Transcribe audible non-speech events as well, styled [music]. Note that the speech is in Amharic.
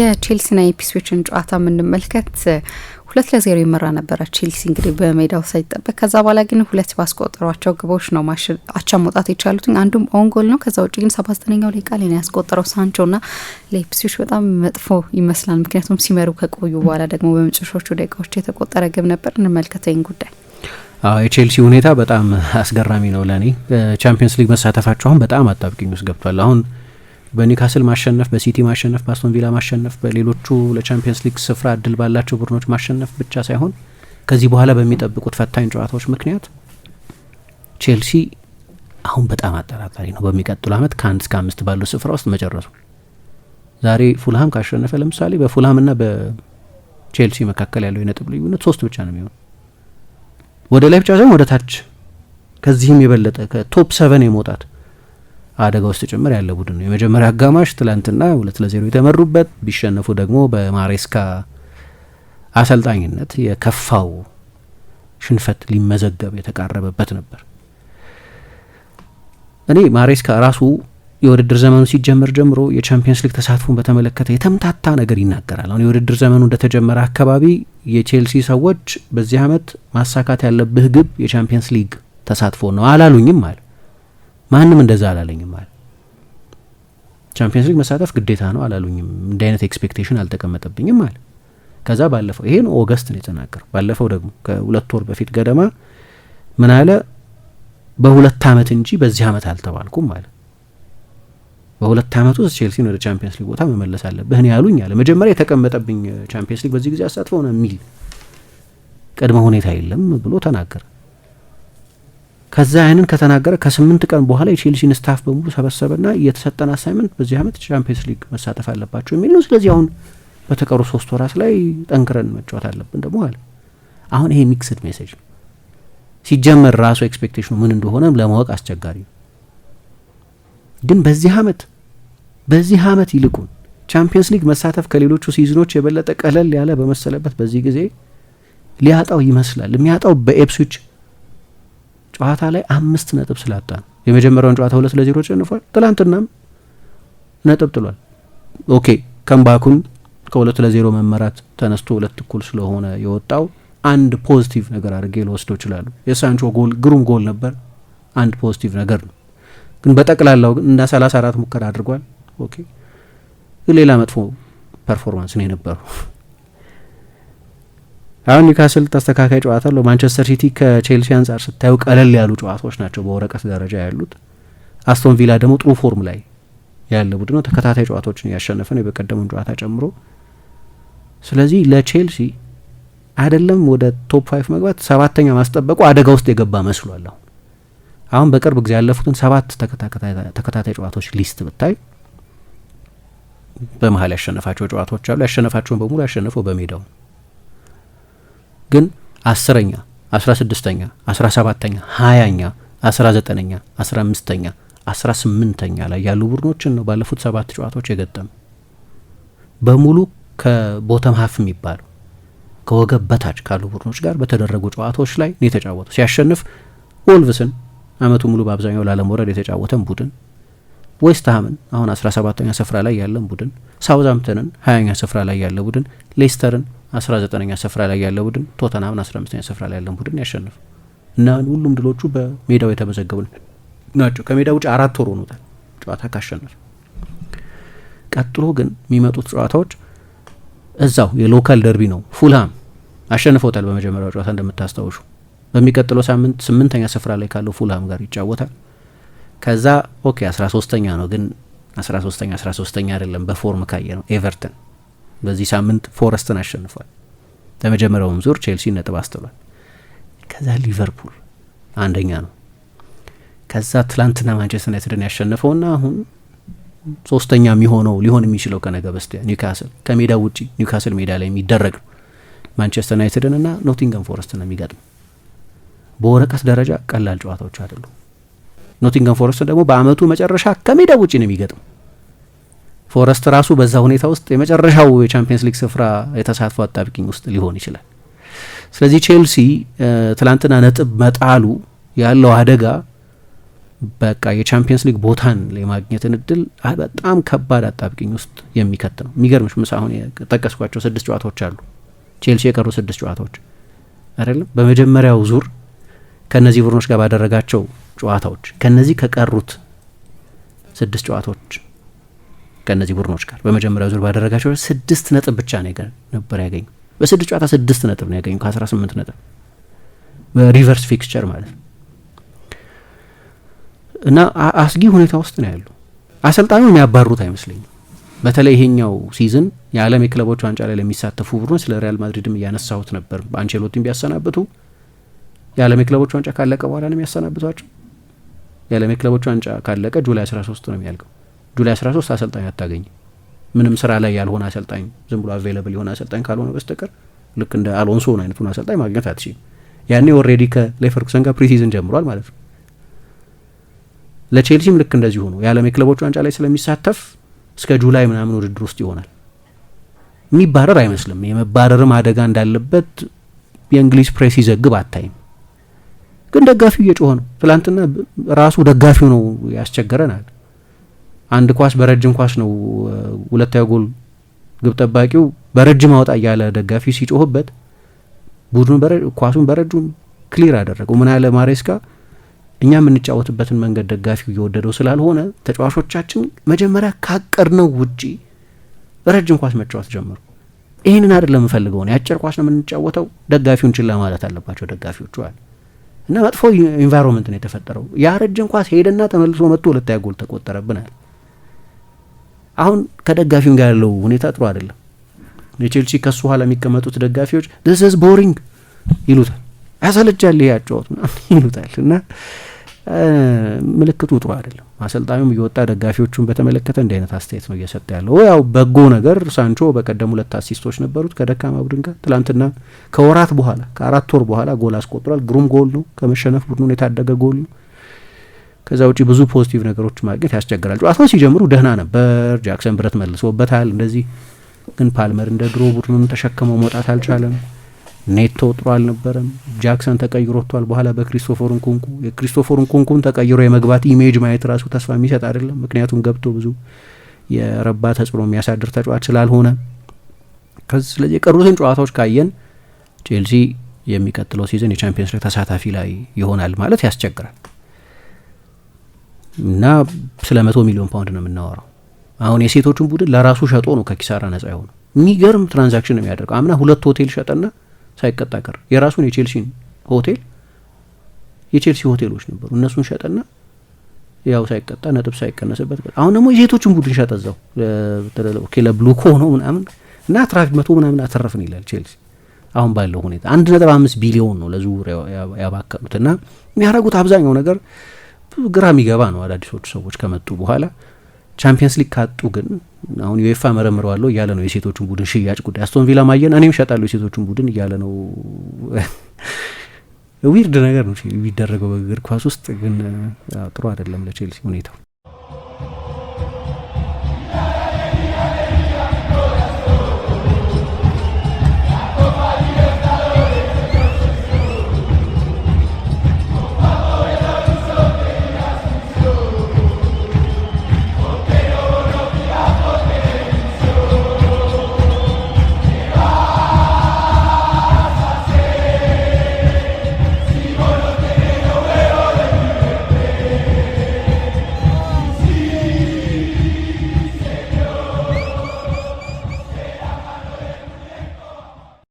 የቼልሲና የኢፕስዊችን ጨዋታ የምንመልከት ሁለት ለዜሮ ይመራ ነበረ ቼልሲ እንግዲህ በሜዳው ሳይጠበቅ። ከዛ በኋላ ግን ሁለት ባስቆጠሯቸው ግቦች ነው አቻ መውጣት የቻሉት። አንዱም ኦንጎል ነው። ከዛ ውጭ ግን ሰባ ዘጠነኛው ላይ ቃል ያስቆጠረው ሳንቾ ና ለኢፕስዊች በጣም መጥፎ ይመስላል። ምክንያቱም ሲመሩ ከቆዩ በኋላ ደግሞ በመጨረሻዎቹ ደቂቃዎች የተቆጠረ ግብ ነበር። እንመልከተኝ ጉዳይ የቼልሲ ሁኔታ በጣም አስገራሚ ነው። ለእኔ ቻምፒየንስ ሊግ መሳተፋቸው አሁን በጣም አጣብቂኝ ውስጥ ገብቷል አሁን በኒውካስል ማሸነፍ፣ በሲቲ ማሸነፍ፣ በአስቶን ቪላ ማሸነፍ፣ በሌሎቹ ለቻምፒየንስ ሊግ ስፍራ እድል ባላቸው ቡድኖች ማሸነፍ ብቻ ሳይሆን ከዚህ በኋላ በሚጠብቁት ፈታኝ ጨዋታዎች ምክንያት ቼልሲ አሁን በጣም አጠራጣሪ ነው። በሚቀጥሉ አመት ከአንድ እስከ አምስት ባለው ስፍራ ውስጥ መጨረሱ ዛሬ ፉልሃም ካሸነፈ ለምሳሌ በፉልሃምና በቼልሲ መካከል ያለው የነጥብ ልዩነት ሶስት ብቻ ነው የሚሆን ወደ ላይ ብቻ ሳይሆን ወደ ታች ከዚህም የበለጠ ከቶፕ ሰቨን የመውጣት አደጋ ውስጥ ጭምር ያለ ቡድን ነው። የመጀመሪያ አጋማሽ ትላንትና ሁለት ለዜሮ የተመሩበት ቢሸነፉ ደግሞ በማሬስካ አሰልጣኝነት የከፋው ሽንፈት ሊመዘገብ የተቃረበበት ነበር። እኔ ማሬስካ ራሱ የውድድር ዘመኑ ሲጀመር ጀምሮ የቻምፒየንስ ሊግ ተሳትፎን በተመለከተ የተምታታ ነገር ይናገራል። አሁን የውድድር ዘመኑ እንደተጀመረ አካባቢ የቼልሲ ሰዎች በዚህ ዓመት ማሳካት ያለብህ ግብ የቻምፒየንስ ሊግ ተሳትፎ ነው አላሉኝም አለ ማንም እንደዛ አላለኝም አለ። ቻምፒየንስ ሊግ መሳተፍ ግዴታ ነው አላሉኝም። እንዲህ አይነት ኤክስፔክቴሽን አልተቀመጠብኝም አለ። ከዛ ባለፈው ይሄን ኦገስት ነው የተናገረው። ባለፈው ደግሞ ከሁለት ወር በፊት ገደማ ምን አለ? በሁለት አመት እንጂ በዚህ አመት አልተባልኩም አለ። በሁለት አመት ውስጥ ቼልሲን ወደ ቻምፒየንስ ሊግ ቦታ መመለስ አለብህ ነው ያሉኝ አለ። መጀመሪያ የተቀመጠብኝ ቻምፒየንስ ሊግ በዚህ ጊዜ አሳትፈው ነው የሚል ቅድመ ሁኔታ የለም ብሎ ተናገረ። ከዛ ያንን ከተናገረ ከስምንት ቀን በኋላ የቼልሲን ስታፍ በሙሉ ሰበሰበና የተሰጠን አሳይመንት በዚህ አመት ቻምፒየንስ ሊግ መሳተፍ አለባቸው የሚል ነው። ስለዚህ አሁን በተቀሩ ሶስት ወራት ላይ ጠንክረን መጫወት አለብን ደግሞ አለ። አሁን ይሄ ሚክስድ ሜሴጅ ነው። ሲጀመር ራሱ ኤክስፔክቴሽኑ ምን እንደሆነ ለማወቅ አስቸጋሪ ነው። ግን በዚህ አመት በዚህ አመት ይልቁን ቻምፒየንስ ሊግ መሳተፍ ከሌሎቹ ሲዝኖች የበለጠ ቀለል ያለ በመሰለበት በዚህ ጊዜ ሊያጣው ይመስላል። የሚያጣው በኤፕስዊች ጨዋታ ላይ አምስት ነጥብ ስላጣ ነው። የመጀመሪያውን ጨዋታ ሁለት ለዜሮ ጨንፏል። ትላንትናም ነጥብ ጥሏል። ኦኬ ከምባኩን ከሁለት ለዜሮ መመራት ተነስቶ ሁለት እኩል ስለሆነ የወጣው አንድ ፖዚቲቭ ነገር አድርጌ ልወስደው ይችላሉ። የሳንቾ ጎል ግሩም ጎል ነበር፣ አንድ ፖዚቲቭ ነገር ነው። ግን በጠቅላላው እና ሰላሳ አራት ሙከራ አድርጓል። ኦኬ ሌላ መጥፎ ፐርፎርማንስ ነው የነበረው። አሁን ኒውካስል ተስተካካይ ጨዋታ አለው። ማንቸስተር ሲቲ ከቼልሲ አንጻር ስታዩ ቀለል ያሉ ጨዋታዎች ናቸው በወረቀት ደረጃ ያሉት። አስቶን ቪላ ደግሞ ጥሩ ፎርም ላይ ያለ ቡድን ነው። ተከታታይ ጨዋታዎችን ያሸነፈ ነው የበቀደሙን ጨዋታ ጨምሮ። ስለዚህ ለቼልሲ አይደለም ወደ ቶፕ ፋይቭ መግባት ሰባተኛ ማስጠበቁ አደጋ ውስጥ የገባ መስሏል። አሁን አሁን በቅርብ ጊዜ ያለፉትን ሰባት ተከታታይ ጨዋታዎች ሊስት ብታይ በመሀል ያሸነፋቸው ጨዋታዎች አሉ። ያሸነፋቸውን በሙሉ ያሸነፈው በሜዳው ግን አስረኛ አስራ ስድስተኛ አስራ ሰባተኛ ሀያኛ አስራ ዘጠነኛ አስራ አምስተኛ አስራ ስምንተኛ ላይ ያሉ ቡድኖችን ነው ባለፉት ሰባት ጨዋታዎች የገጠሙ በሙሉ ከቦተም ሀፍ የሚባለው ከወገብ በታች ካሉ ቡድኖች ጋር በተደረጉ ጨዋታዎች ላይ ነው የተጫወቱ። ሲያሸንፍ ወልቭስን አመቱ ሙሉ በአብዛኛው ላለመውረድ የተጫወተን ቡድን፣ ዌስትሃምን አሁን አስራ ሰባተኛ ስፍራ ላይ ያለን ቡድን፣ ሳውዝሃምፕተንን ሀያኛ ስፍራ ላይ ያለ ቡድን፣ ሌስተርን አስራ ዘጠነኛ ስፍራ ላይ ያለ ቡድን ቶተናምን አስራ አምስተኛ ስፍራ ላይ ያለን ቡድን ያሸንፍ እና ሁሉም ድሎቹ በሜዳው የተመዘገቡ ናቸው። ከሜዳ ውጭ አራት ወር ሆኖታል ጨዋታ ካሸነፍ። ቀጥሎ ግን የሚመጡት ጨዋታዎች እዛው የሎካል ደርቢ ነው። ፉልሃም አሸንፈውታል በመጀመሪያው ጨዋታ እንደምታስታውሹ። በሚቀጥለው ሳምንት ስምንተኛ ስፍራ ላይ ካለው ፉልሃም ጋር ይጫወታል። ከዛ ኦኬ አስራ ሶስተኛ ነው ግን አስራ ሶስተኛ አስራ ሶስተኛ አይደለም በፎርም ካየ ነው ኤቨርተን በዚህ ሳምንት ፎረስትን አሸንፏል። ለመጀመሪያውም ዙር ቼልሲ ነጥብ አስጥሏል። ከዛ ሊቨርፑል አንደኛ ነው። ከዛ ትላንትና ማንቸስተር ዩናይትድን ያሸነፈውና አሁን ሶስተኛ የሚሆነው ሊሆን የሚችለው ከነገ በስቲያ ኒውካስል ከሜዳ ውጪ ኒውካስል ሜዳ ላይ የሚደረግ ነው። ማንቸስተር ዩናይትድን እና ኖቲንገም ፎረስት ነው የሚገጥም። በወረቀት ደረጃ ቀላል ጨዋታዎች አይደሉም። ኖቲንገም ፎረስትን ደግሞ በአመቱ መጨረሻ ከሜዳ ውጪ ነው የሚገጥም። ፎረስት ራሱ በዛ ሁኔታ ውስጥ የመጨረሻው የቻምፒየንስ ሊግ ስፍራ የተሳትፎ አጣብቂኝ ውስጥ ሊሆን ይችላል። ስለዚህ ቼልሲ ትላንትና ነጥብ መጣሉ ያለው አደጋ በቃ የቻምፒየንስ ሊግ ቦታን የማግኘትን እድል በጣም ከባድ አጣብቂኝ ውስጥ የሚከት ነው። የሚገርምሽ ምስ አሁን የጠቀስኳቸው ስድስት ጨዋታዎች አሉ ቼልሲ የቀሩ ስድስት ጨዋታዎች አይደለም በመጀመሪያው ዙር ከእነዚህ ቡድኖች ጋር ባደረጋቸው ጨዋታዎች ከእነዚህ ከቀሩት ስድስት ጨዋታዎች ከእነዚህ ቡድኖች ጋር በመጀመሪያ ዙር ባደረጋቸው ስድስት ነጥብ ብቻ ነው ነበር ያገኙ። በስድስት ጨዋታ ስድስት ነጥብ ነው ያገኙ ከአስራ ስምንት ነጥብ በሪቨርስ ፊክስቸር ማለት ነው። እና አስጊ ሁኔታ ውስጥ ነው ያሉ። አሰልጣኙ የሚያባሩት አይመስለኝም። በተለይ ይሄኛው ሲዝን የዓለም የክለቦች ዋንጫ ላይ ለሚሳተፉ ቡድኖ ስለ ሪያል ማድሪድም እያነሳሁት ነበር። በአንቸሎቲም ቢያሰናብቱ የዓለም የክለቦች ዋንጫ ካለቀ በኋላ ነው የሚያሰናብቷቸው። የዓለም የክለቦች ዋንጫ ካለቀ ጁላይ 13 ነው የሚያልቀው። ጁላይ 13 አሰልጣኝ አታገኝ ምንም ስራ ላይ ያልሆነ አሰልጣኝ ዝም ብሎ አቬለብል የሆነ አሰልጣኝ ካልሆነ በስተቀር ልክ እንደ አሎንሶ ሆን አይነቱን አሰልጣኝ ማግኘት አትችልም። ያኔ ኦልሬዲ ከሌቨርኩሰን ጋር ፕሪሲዝን ጀምሯል ማለት ነው። ለቼልሲም ልክ እንደዚሁ ነው። የዓለም የክለቦች ዋንጫ ላይ ስለሚሳተፍ እስከ ጁላይ ምናምን ውድድር ውስጥ ይሆናል። የሚባረር አይመስልም። የመባረርም አደጋ እንዳለበት የእንግሊዝ ፕሬስ ይዘግብ አታይም። ግን ደጋፊው እየጮኸ ነው። ትላንትና ራሱ ደጋፊው ነው ያስቸገረናል። አንድ ኳስ በረጅም ኳስ ነው ሁለተኛ ጎል ግብ ጠባቂው በረጅም አውጣ እያለ ደጋፊ ሲጮህበት ቡድኑ ኳሱን በረጅም ክሊር አደረገው። ምን ያለ ማሬስካ እኛ የምንጫወትበትን መንገድ ደጋፊው እየወደደው ስላልሆነ ተጫዋቾቻችን መጀመሪያ ካቀድነው ውጪ በረጅም ኳስ መጫወት ጀመሩ። ይህንን አይደለም የምፈልገው ነው። የአጭር ኳስ ነው የምንጫወተው፣ ደጋፊውን ችላ ማለት አለባቸው ደጋፊዎቹ አለ እና መጥፎ ኢንቫይሮንመንት ነው የተፈጠረው። ያ ረጅም ኳስ ሄደና ተመልሶ መጥቶ ሁለት ጎል ተቆጠረብናል። አሁን ከደጋፊም ጋር ያለው ሁኔታ ጥሩ አይደለም። የቼልሲ ከሱ ኋላ የሚቀመጡት ደጋፊዎች ዚስ ኢዝ ቦሪንግ ይሉታል፣ ያሰለቻል፣ ይሄ አጫወት [laughs] ይሉታል እና ምልክቱ ጥሩ አይደለም። አሰልጣኙም እየወጣ ደጋፊዎቹን በተመለከተ እንዲህ አይነት አስተያየት ነው እየሰጠ ያለው። ያው በጎ ነገር ሳንቾ በቀደም ሁለት አሲስቶች ነበሩት ከደካማ ቡድን ጋር። ትላንትና ከወራት በኋላ ከአራት ወር በኋላ ጎል አስቆጥሯል። ግሩም ጎል ነው። ከመሸነፍ ቡድኑን የታደገ ጎል ነው። ከዛ ውጪ ብዙ ፖዚቲቭ ነገሮች ማግኘት ያስቸግራል። ጨዋታው ሲጀምሩ ደህና ነበር፣ ጃክሰን ብረት መልሶበታል። እንደዚህ ግን ፓልመር እንደ ድሮ ቡድኑን ተሸክመው መውጣት አልቻለም። ኔቶ ጥሩ አልነበረም። ጃክሰን ተቀይሮ ወጥቷል። በኋላ በክሪስቶፈር ንኩንኩ የክሪስቶፈር ንኩንኩን ተቀይሮ የመግባት ኢሜጅ ማየት ራሱ ተስፋ የሚሰጥ አይደለም። ምክንያቱም ገብቶ ብዙ የረባ ተጽዕኖ የሚያሳድር ተጫዋች ስላልሆነ ስለዚህ የቀሩትን ጨዋታዎች ካየን ቼልሲ የሚቀጥለው ሲዝን የቻምፒየንስ ሊግ ተሳታፊ ላይ ይሆናል ማለት ያስቸግራል። እና ስለ መቶ ሚሊዮን ፓውንድ ነው የምናወራው። አሁን የሴቶችን ቡድን ለራሱ ሸጦ ነው ከኪሳራ ነጻ የሆነ የሚገርም ትራንዛክሽን ነው የሚያደርገው። አምና ሁለት ሆቴል ሸጠና ሳይቀጣ ቀር። የራሱን የቼልሲን ሆቴል የቼልሲ ሆቴሎች ነበሩ፣ እነሱን ሸጠና ያው ሳይቀጣ ነጥብ ሳይቀነስበት፣ አሁን ደግሞ የሴቶችን ቡድን ሸጠ እዛው ክለብ ነው ምናምን እና ትራፊክ መቶ ምናምን አተረፍን ይላል ቼልሲ። አሁን ባለው ሁኔታ አንድ ነጥብ አምስት ቢሊዮን ነው ለዝውውር ያባከኑት እና የሚያደርጉት አብዛኛው ነገር ግራ የሚገባ ነው። አዳዲሶቹ ሰዎች ከመጡ በኋላ ቻምፒየንስ ሊግ ካጡ ግን አሁን ዩኤፋ መረምረዋለሁ እያለ ነው የሴቶቹን ቡድን ሽያጭ ጉዳይ። አስቶን ቪላ ማየን እኔም እሸጣለሁ የሴቶቹን ቡድን እያለ ነው። ዊርድ [laughs] ነገር ነው የሚደረገው በእግር ኳስ ውስጥ ግን ጥሩ አይደለም ለቼልሲ ሁኔታው።